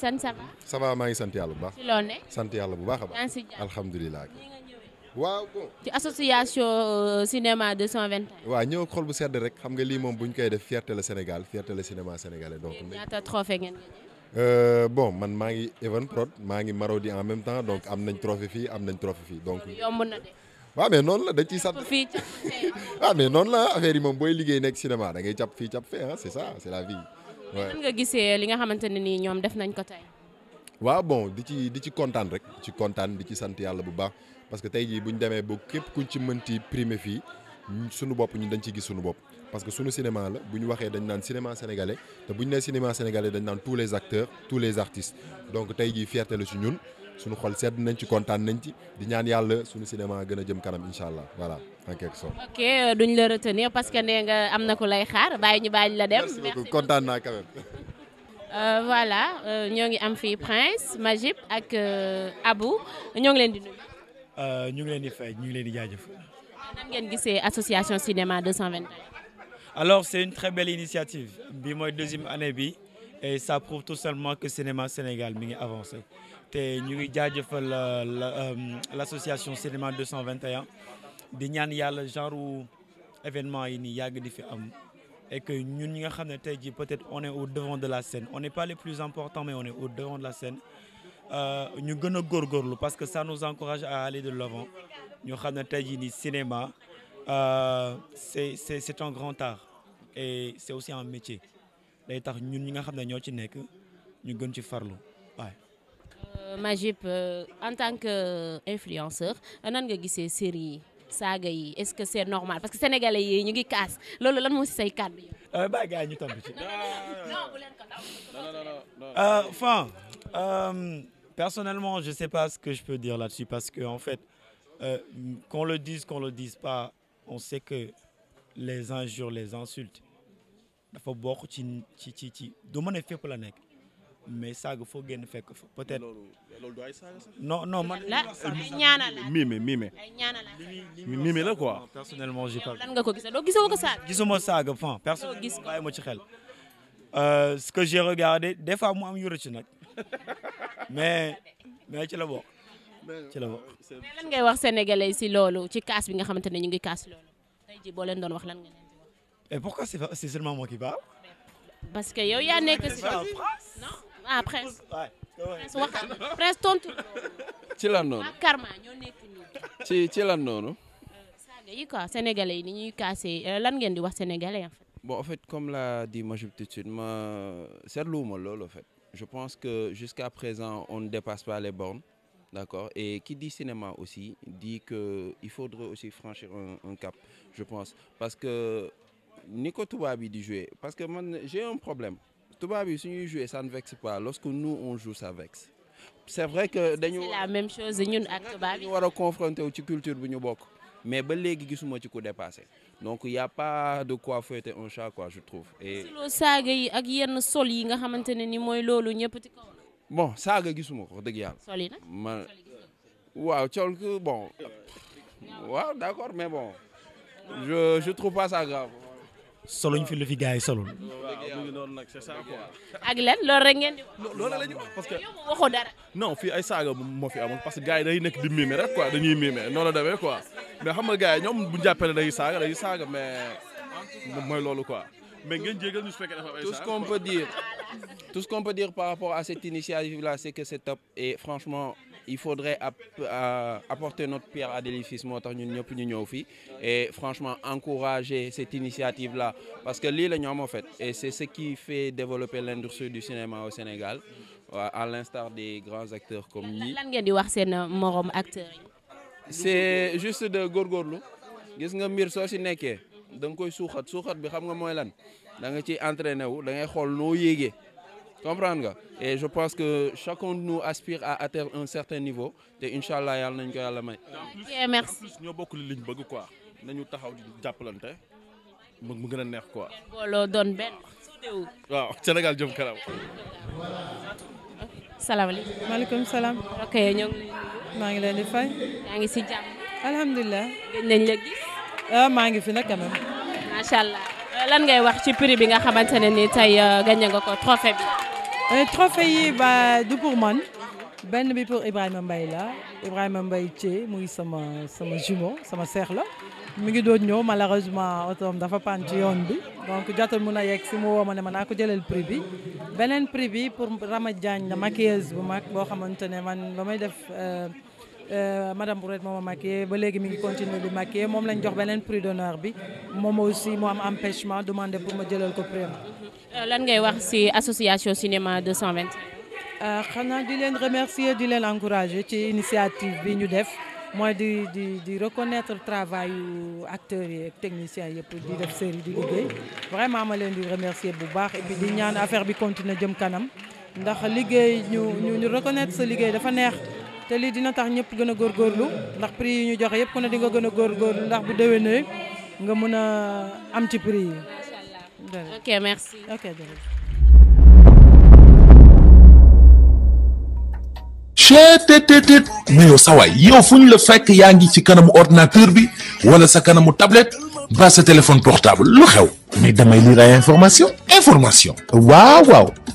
Assane ça maa ngi sant yàlla bu baax. ci sant yàlla bu baax a baax. alhamdulilah. waaw bon. ci association euh, cinéma 221. waaw ñëw xol bu sedd rek xam nga lii moom bu ñu koy def fierté la Sénégal fierté la cinéma sénégalais donc. ñaata trophée euh, man maa ngi Even Prod maa ngi Marodi en même temps donc am nañ trophée fii am nañ trophée fii donc. yomb na de. waaw noonu la dañ ciy sant fii ah, noonu la affaire yi moom booy nekk cinéma da ngay cap fii cap fee ah c'est ça c'est la vie. nan nga gisee li nga xamante ne nii ñoom def nañ ko tey. waaw bon di ci di ci kontaan rek ci kontaan di ci sant yàlla bu baax parce que tey jii bu demee ba képp kuñ ci mënti primé fii sunu bopp ñu dañ ci gis sunu bopp parce que suñu cinéma la bu ñu waxee dañ naan cinéma sénégalais te bu ñu nee cinéma sénégalais dañ naan tous les acteurs tous les artistes donc tey jii fierté la ci ñun suñu xol sedd nañ ci kontaan nañ ci di ñaan yàlla suñu cinéma gën a jëm kanam incha allah voilà en quelque sorte. ok euh, la retenir parce que nee nga am na ko lay xaar bàyyi ñu baañ la dem. merci beaucoup kontaan naa quand euh, voilà euh, ñoo ngi am fii Prince Majib ak Abou ñoo ngi leen di nuyu. ñu ngi leen di fay ñu ngi leen di jaajëf. nan ngeen gisee association cinéma 221. alors c'est une très belle initiative bi mooy deuxième année bi et sa prouve tout simplement que cinéma Sénégal mi ngi avancé. te ñu ngi jaajëfal euh, l' euh, association cinéma 221 di ñaan yàlla genre événement yi nii yàgg di fi am et que ñun ñi nga xam ne tey jii peut-être on est au devant de la scène on n'est pas les plus importants mais on est au devant de la scène euh, ñu gën a góorgóorlu parce que ça nous encourage à aller de l'avant ñu xam ne tey jii nii cinéma c'est c'est c'est un grand art et c'est aussi un métier day tax ñun ñi nga xam ne ñoo ci nekk ñu gën ci farlu Euh, Majib euh, en tant que euh, influenceur nan nga gisee série yi saaga yi est-ce que c'est normal parce que sénégalais yi ñu ngi kaas loolu lan moo si say kàddu yi. bàyyi gars yi ñu personnellement je sais pas ce que je peux dire là-dessus parce que en fait euh, qu'on le dise qu'on le dise pas on sait que les injures les insultes dafa bokk ci ci ci ci du mën a fépp la nekk. mais saaga foo génn fekk fa peut-être. loolu du ay saaga sax. non non man. la ay ñaanal la mime mime. ay la nga ko gisee doo gisoo ko saaga. gisuma saaga fan. personnellement bàyyi ma ci xel. Euh, ce que j'ai regardé des fois mu am yu rëcc nag mais mais ci la bokk ci la bokk. Euh, ngay wax sénégalais si loolu ci kaas bi nga xamante ne ñu ngi kaas loolu tey jii boo leen doon wax lan nga leen pour wax. et pourquoi c'est seulement moi qui parce que yow yaa nekk si. ah prince prince wax prince tontu ci lan noonu ak karma ñoo nekk nii ci euh, yi ni ñuy kaase euh, lan ngeen di wax sénégalais en fait bon en fait comme l'a dit Majib tout de suite ma seetluwuma loolu en fait je pense que jusqu'à présent on ne dépasse pas les bornes D'accord. Et qui dit cinéma aussi dit qu'il faudrait aussi franchir un, cap, je pense. Parce que Nico Touabi dit jouer. Parce que j'ai un problème. tubaab yi su ñuy jouer ça ne vexe pas lorsque nous on joue ça vexe c'est vrai que dañu. c'est la même chose ñun ak war a confronter wu ci culture bu ñu bokk. mais ba léegi gisuma ci ku dépassé donc y' pa pas de quoi fouetter un chat quoi je trouve. et suloo saaga yi ak yenn sol yi nga xamante ne ni mooy loolu ñëpp ci kaw la. bon saaga gisuma ko wax dëgg yàlla. sol yi waaw col bon. d' accord mais bon je soluñ fi lu fi gars yi solul. lan loolu ngeen di wax. ñu wax parce que waxoo dara. non fii ay saaga moo fi amul parce que gars yi day nekk di miime rek quoi dañuy miime noonu la demee mais xam nga ñoom bu ñu jàppee ne day saaga day saaga mais mooy loolu quoi. mais ngeen jégal ñu su fekkee dafa ay par rapport à cette initiative là c'est que c'est top et franchement. il faudrait app, euh, apporter notre pierre à l'édifice moo tax ñun ñëpp ñu ñëw fii et franchement encourager cette initiative la parce que lii la ñu am en fait et c'est ce qui fait développer l'industrie du cinéma au Sénégal euh, à l'instar des grands acteurs comme ñi lan ngeen di wax seen euh, moroom acteurs yi c'est de góorgóorlu gis nga mbir soo si nekkee da nga koy suuxat suuxat bi xam nga mooy lan da nga ciy wu da xool noo yéegee comprendre nga et je pense que chacun de nous aspire à atteindre un certain niveau te incha allah yàlla nañ ko yàlla may. merci en ñoo bokk li liñ bëgg quoi nañu taxaw di jàppalante mu mu gën a neex quoi. booloo doon benn. waaw Sénégal jëm kanam. salaamaaleykum. maaleykum salaam. ok ñoo ngi lay nuyu. maa ngi leen di fay. maa ngi si nañ la ah, maa ngi fi nag lan ngay wax ci prix bi nga xamante ne ni tey euh, gagné nga ko trophée bi. Euh, trophée yi ba du pour man benn bi pour Ibrahima Mbaye la Ibrahima mbay Thié muy sama sama jumeau sama seex la mi ngi doon ñëw ma malheureusement otoom dafa pan ci yoon bi donc jotul mun a yegg si mu woo ma ne ma naa ko jëlal prix bi beneen prix bi pour Rama Diagne la maquilleuse bu mag boo xamante ne man ba may def. Euh, Euh, madame Bouret moo ma maquillé ba léegi mi ngi continuer di maquillé moom lañ jox beneen prix d'honneur bi moom aussi moo am empêchement demandé pour ma jëlal ko prix euh, lan ngay wax ci association cinéma 221. Euh, xanaa di leen remercier di leen encourager ci initiative bi ñu def mooy di di di reconnaître travail yu acteurs yi ak techniciens yëpp di def série di liggéey vraiment ma leen di remercier bu baax et puis di ñaan affaire bi continuer jëm kanam ndax liggéey ñu liggéey dafa neex. te lii dina tax ñëpp gën a góorgóorlu ndax prix yi ñu joxe yëpp ku ne di nga gën a góorgóorlu ndax bu déwénee nga mën a am ci prix yi. ok merci ok jërëjëf. chetetetet mais yow sawaay ñu la fekk yaa ngi ci kanamu ordinateur bi wala sa kanamu tablet ba sa téléphone portable lu xew mais damay lire ay information information waaw waaw